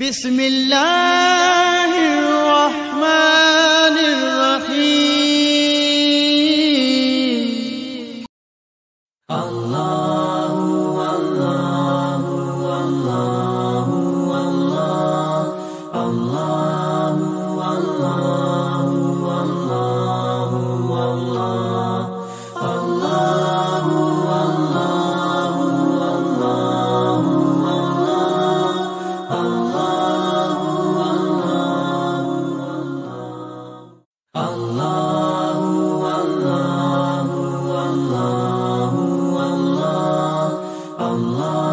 بسم الله الرحمن الرحيم الله Allah